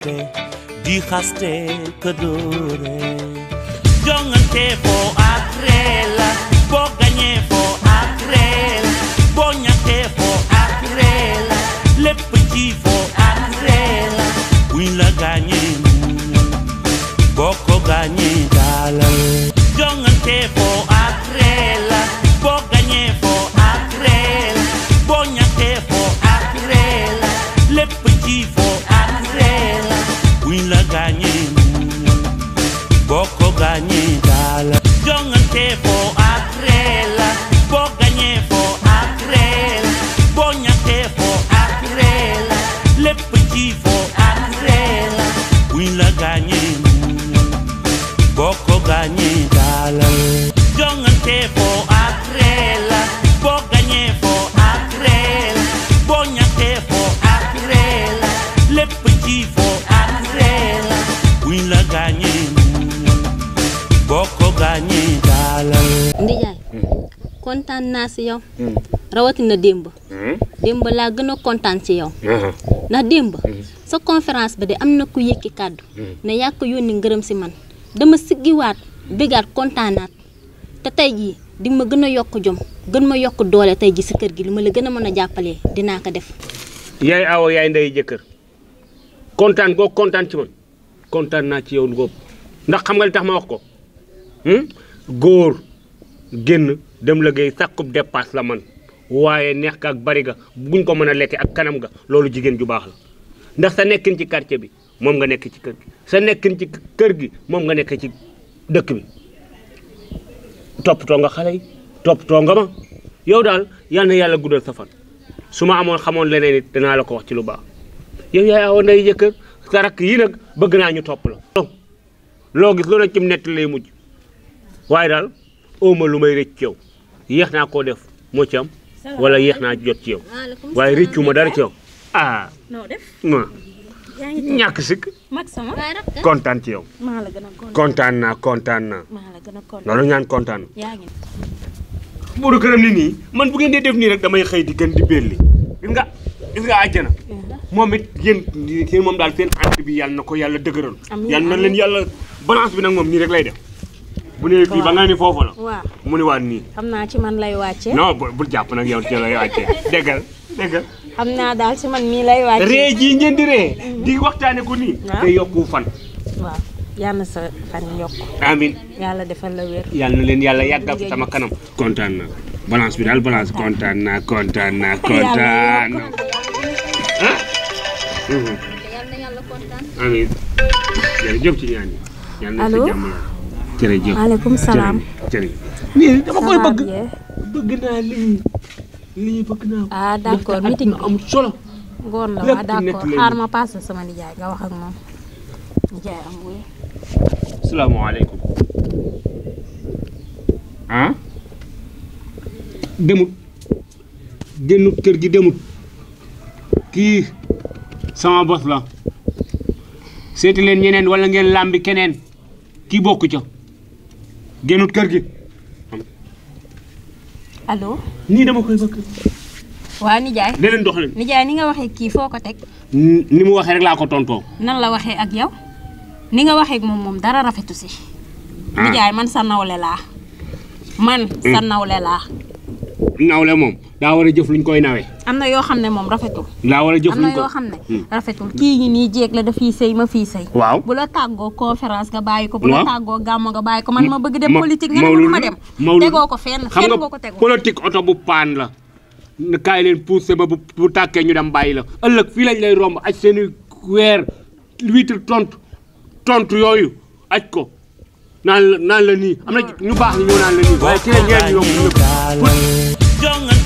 te kedure Jangan tepo akrela Boganye fo akrela Bonya tepo akrela Lepeji fo akrela Wila ganye Boko ganye dalale Jangan tepo gaañee boo ko gaañee daalal ak ree boo gaañee foo ak ree boo ñàkkee foo ak ree lépp ci foo ak ree la buñ gaañee boo ko gaañee daalal ndijaay kontaan naa si yow hmm. rawatina démb hmm? démb laa gën a kontaan ci yow hmm. ndax démb sa conférence ba de am na ku yëkki kàddu ne yaa ko yónni ngërëm si man dama siggiwaat bégaat kontaanaat te tey jii di ma gën a yokk jom gën ma yokk doole tey ji si kër gi li ma la gën a mën a jàppalee dinaa ko def yaay awo yaay ndey jëkkër kontaan goo kontaan ci man kontaan naa ci yow lu góob ndax xam nga li tax ma wax ko hmm? góor génn dem liggéey sàkkub dépasse la man waaye neex ga ak bari ga buñ ko mën a lekkee ak kanam ga loolu jigéen ju baax la ndax sa nekkin ci quartier bi moom nga nekk ci kër gi sa nekkin ci kër gi moom nga nekk ci dëkk bi toppatoo nga xale yi toppatoo nga ma yow daal yal na yàlla guddal sa fan su ma amoon xamoon leneen it danaa la ko wax ci lu baax yow yaay awoon day jëkkër sa rakk yi nag bëgg naa ñu topp la. loo gis loolu ci nett lay mujj waaye daal óoma lu may rëcc ci yow yéex naa koo def moo ci am wala yéex naa jot ci yow waaye rëccu ma dara ci yow ah. noo def. yaa ngi ñàkk sikk. mag sama kontaan ci yow. maa la gën a kontaan kontaan naa kontaan la gën a kontaan ñaan kontaan. yaa ngi. buuru këram ni man bu ngeen dee def rek damay di gën di belli gis nga gis nga àjjana. moom it yéen yéen moom seen ànd bi yàlla na ko yàlla dëgëral. na leen balance bi rek lay def. bu ne ba nga ni la. mu ni waat ci man lay non bu yow ci lay xam dal ci man mi lay wacc re ji ñëndi re di waxtane ko ni te yokku fan. waaw yalla sa fan yok amin yalla defal la wër yalla na leen yalla yagga sama kanam. contane na balance bi dal balance contane na kontaan naa kontaan naa kontaan. Mhm. amiin jërëjëf ci ñaan yi. allo jërëjëf maaleykum salaam. jërëjëf ni dama koy bëgg. bëgg naa lii. lii bëgg naa ko. ah d'accord meeting bi am solo. góor la waaw d'accord xaar ma paas la sama nijaay nga wax ak moom nijaay am wuy. salaamaaleykum. ah. demut. génnut kër gi demut. kii sama bos la. seeti leen ñeneen wala ngeen làmbi keneen kii bokku ca. génnut kër gi. allo. nii dama koy bëgg. waaw nijaay. dox doxalin nijaay ni nga waxee kii foo ko teg. ni mu waxee rek laa ko tontoo. nan la waxee ak yow ni nga waxee moom moom dara rafetu si. Ah. nijaay man sa nawle laa. man sa mm. nawle laa. nawle moom daa war a jëf ñu koy nawee. am na yoo xam ne moom rafetul. daa war a jëf luñ ko am na yoo xam ne. Hmm. rafetul ma fii waaw bu la conférence nga bàyyi ko. bu la nga bàyyi ko man ma bëgg dem. politique nga ne ma dem tegoo ko fenn fenn nga ko tegoo. politique oto bu paan la. ne kaay leen poussé bu bu tàkkee ñu dem bàyyi la ëllëg fii lañ lay romb aj seen i weer tontu tontu yooyu aj ko la naan la am na ñu baax ni ñoo naan la nii waaye ci la ñeent yomb ñëpp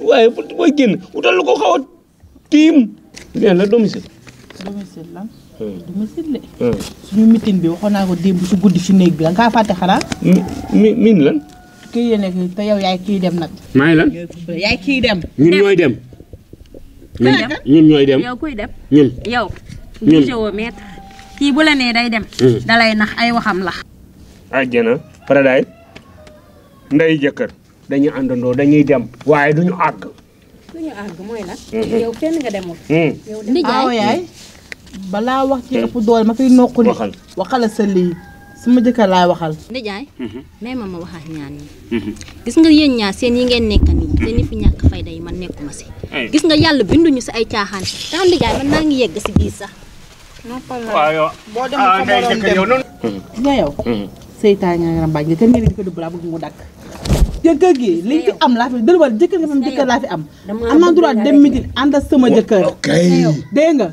waaye booy génn wutal lu ko xaw a tiim. la domicile. domicile lan. Hmm. domicile la. Hmm. suñu meeting bi waxoon naa ko démb si guddi si néeg bi la ngaa fàtte xanaa. mi min lan. kii la nekk te yow yaay kii dem nag. maa ngi lan. kii dem. ñun ñooy dem. ñun ñooy dem yow kuy dem. ñun yow. bu la nee day dem. Hmm. dalay nax ay waxam la. ajjana paradise nday jëkkër. dañuy àndandoo dañuy dem waaye duñu àgg duñu àgg mooy lan yow fenn nga demul mm. yow ah, aw yaay mm. balaa wax ci ëpp dool ma fiy noquli waxala sa lii sama jëkkër laay waxal ndijaay may mm-hmm. ma ma waxaat ñaan ñi mm-hmm. gis nga yéen ñaar seen yi ngeen nekk nii seen fi ñàkk fayda yi man ma si gis nga yàlla binduñu si ay caaxaan tax ndijaay man maa ngi yegg si biir sax noppal la boo demul fa ah, moroom dem nga yow mm-hmm. seytaan nga rambaaj nga te mérite ko dubbala bëgg mu dakk jëkkër gi li fi am laa fi dëlwal jëkkër nga fi am jëkkër laa fi am am naa droit dem midi ànd ak sama jëkkër dégg nga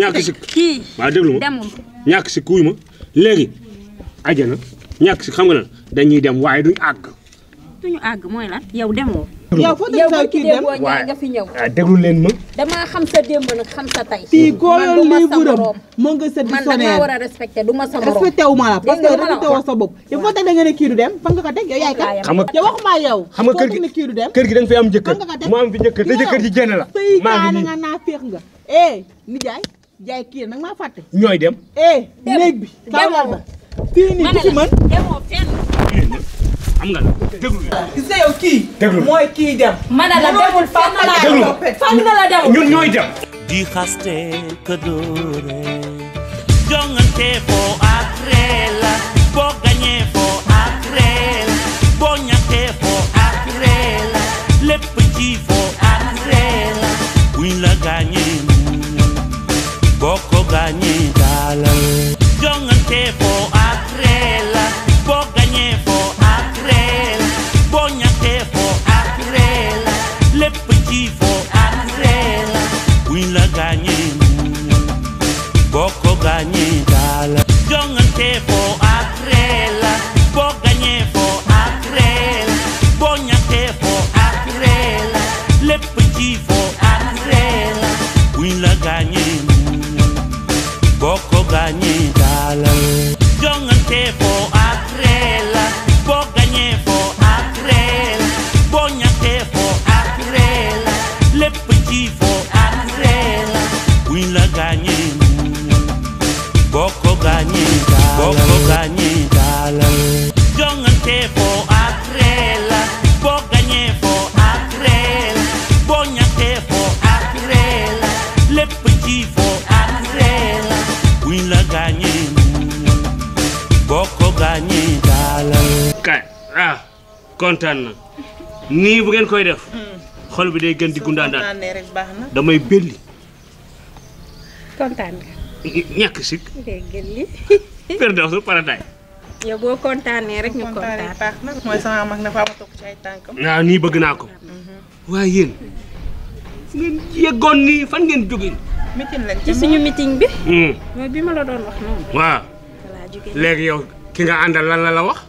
ñàkk si waaw déglu ma ñàkk si kuuy ma léegi ajana ñàkk si xam nga lan dañuy dem waaye duñ àgg ñu àgg mooy lan yow demoo. yow foo yow ma ki déggoo ñaar nga fi ñëw. waaw ah, déglu leen ma. damaa xam sa démb nag xam sa tey. fii góoyoon livre am sa dictionnaire man a respecté du ma ma sa bopp. il faut teg da nga ne kii du dem fan nga ko teg yow yaay kat. xam nga waxuma yow. xam kër gi dem kër gi da nga fi am jëkkër. mu am fi jëkkër ji jenn la. maa ngi nii nga naa féex nga eh nijaay jaay kii maa fàtte. ñooy dem. eh néeg bi. demoo demoo fii nii ku am nga déglu. kii. mooy kii dem. mën na la demul fan na la demul fan na la demul ñun ñooy dem. di xaste ka doore jongante foo après la boo gañee foo après la boo ñàkkee foo après la lépp ci foo après la buñ la gañee boo ko gañee daalal jongante foo dalam Boganyi dalam Jangan tepo akrela Boganyi po akrela Bonya tepo akrela Lepuji po akrela Wila ganyi Boko ganyi dalam Kay, ah, kontaan na nii bu ngeen koy def hmm. xol bi day gën di gundaandaan damay belli kontaan nga ñàkk sikk déggal li su paradise yow boo kontaanee rek ñu kontaan mooy sama mag na fa toog ci ay tànkam waaw nii bëgg naa ko mhm. waaye yéen ngeen yeggoon nii fan ngeen jógee meeting lañ ci suñu meeting bi hmm. mooy bi ma la doon wax noonu waaw léegi yow ki nga àndal lan la la wax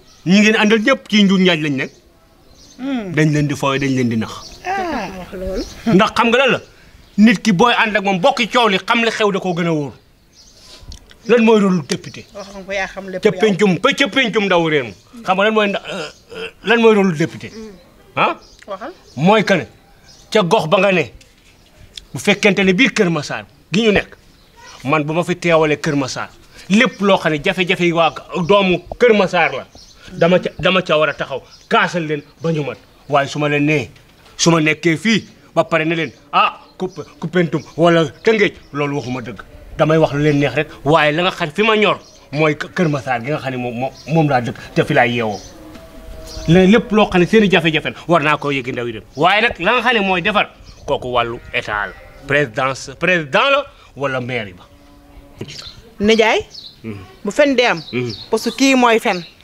ñi ngeen àndal ñëpp ci njur njaaj lañ nekk. Hmm. dañ leen di fooy dañ leen di nax. Ah. ndax xam nga lan la nit ki booy ànd ak moom bokki coow li xam li xew da koo gën a wóor. lan mooy rôle député. wax nga yaa xam lépp ca pencum ba ca pencum ndaw réew xam nga lan mooy euh, lan mooy rôle député. Hmm. ah. waxal mooy que ne ca gox ba nga ne bu fekkente ne biir Kër Masar gi ñu nekk man bu ma fi teewalee Kër Masar lépp loo xam ne jafe-jafe yi waa doomu Kër Masar la. dama ca dama ca war taxaw kassal len ba ñu mat way suma len ne suma fi ba pare ne len ah kuppe coupentum wala tëngeej lolou waxuma deug damay wax lu len neex rek waaye la nga xat fi ma ñor keur ma sar gi nga xani mom mom la deug te fi la yewoo léegi lepp lo xani seen jafé jafé war naa ndaw yi dem la nga xani moy defar koku walu état président wala maire ba. nejay hmm. bu fen de am. Hmm. parce que ki moy fen.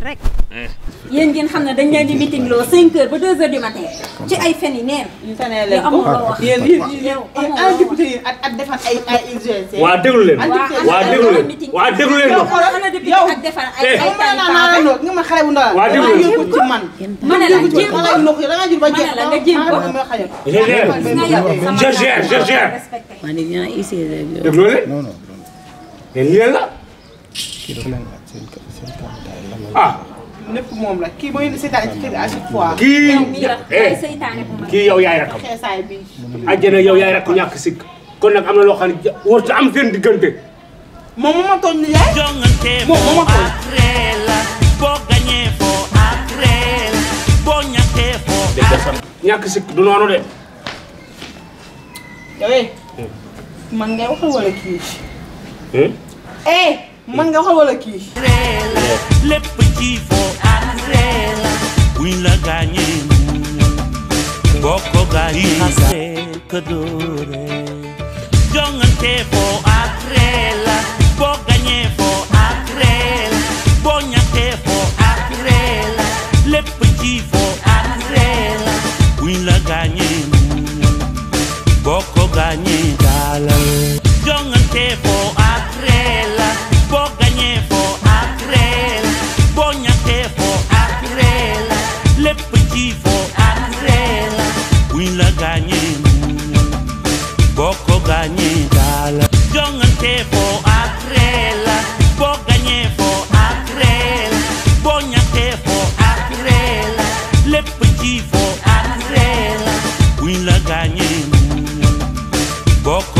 fen rek. Eh. yéen ngeen xam ne dañ leen di meeting loo 5 heures ba 2 heures du matin. ci ay fen yi neen. ñu fenee leen ko yéen yéen en député yi ak ak defar ay ay UGC. waa déglu leen waa déglu leen waa déglu leen ma. yow yow eh. mën naa naa la nga ma xale bu ndaw. waa déglu leen ko ci man. mën na la jéem ko da nga jur ba jéem ko nga jéem ko. je eh, gère je gère. man de ñaa UGC. déglu leen. non non. mais lii la. kii dafa leen laaj seen seen kàddu. ah. lépp moom la kii mooy eh. seytaane kii kii yow yaay rakam. xeesaay bi. àjjana yow yaay rakku ñàkk sikk kon nag am na loo xam ne warut am seen diggante. moom moo ma tooñ ni yaay. moom moo ma tooñ. ñàkk sikk du noonu de. Eh. man ngay waxal wala kii. Hmm? Eh, nga waxal wala kii. les petits vont à zèle, oui, la gagné, Boko gagné, c'est que doré, John Tefo Eji for arela Wila ganye Boko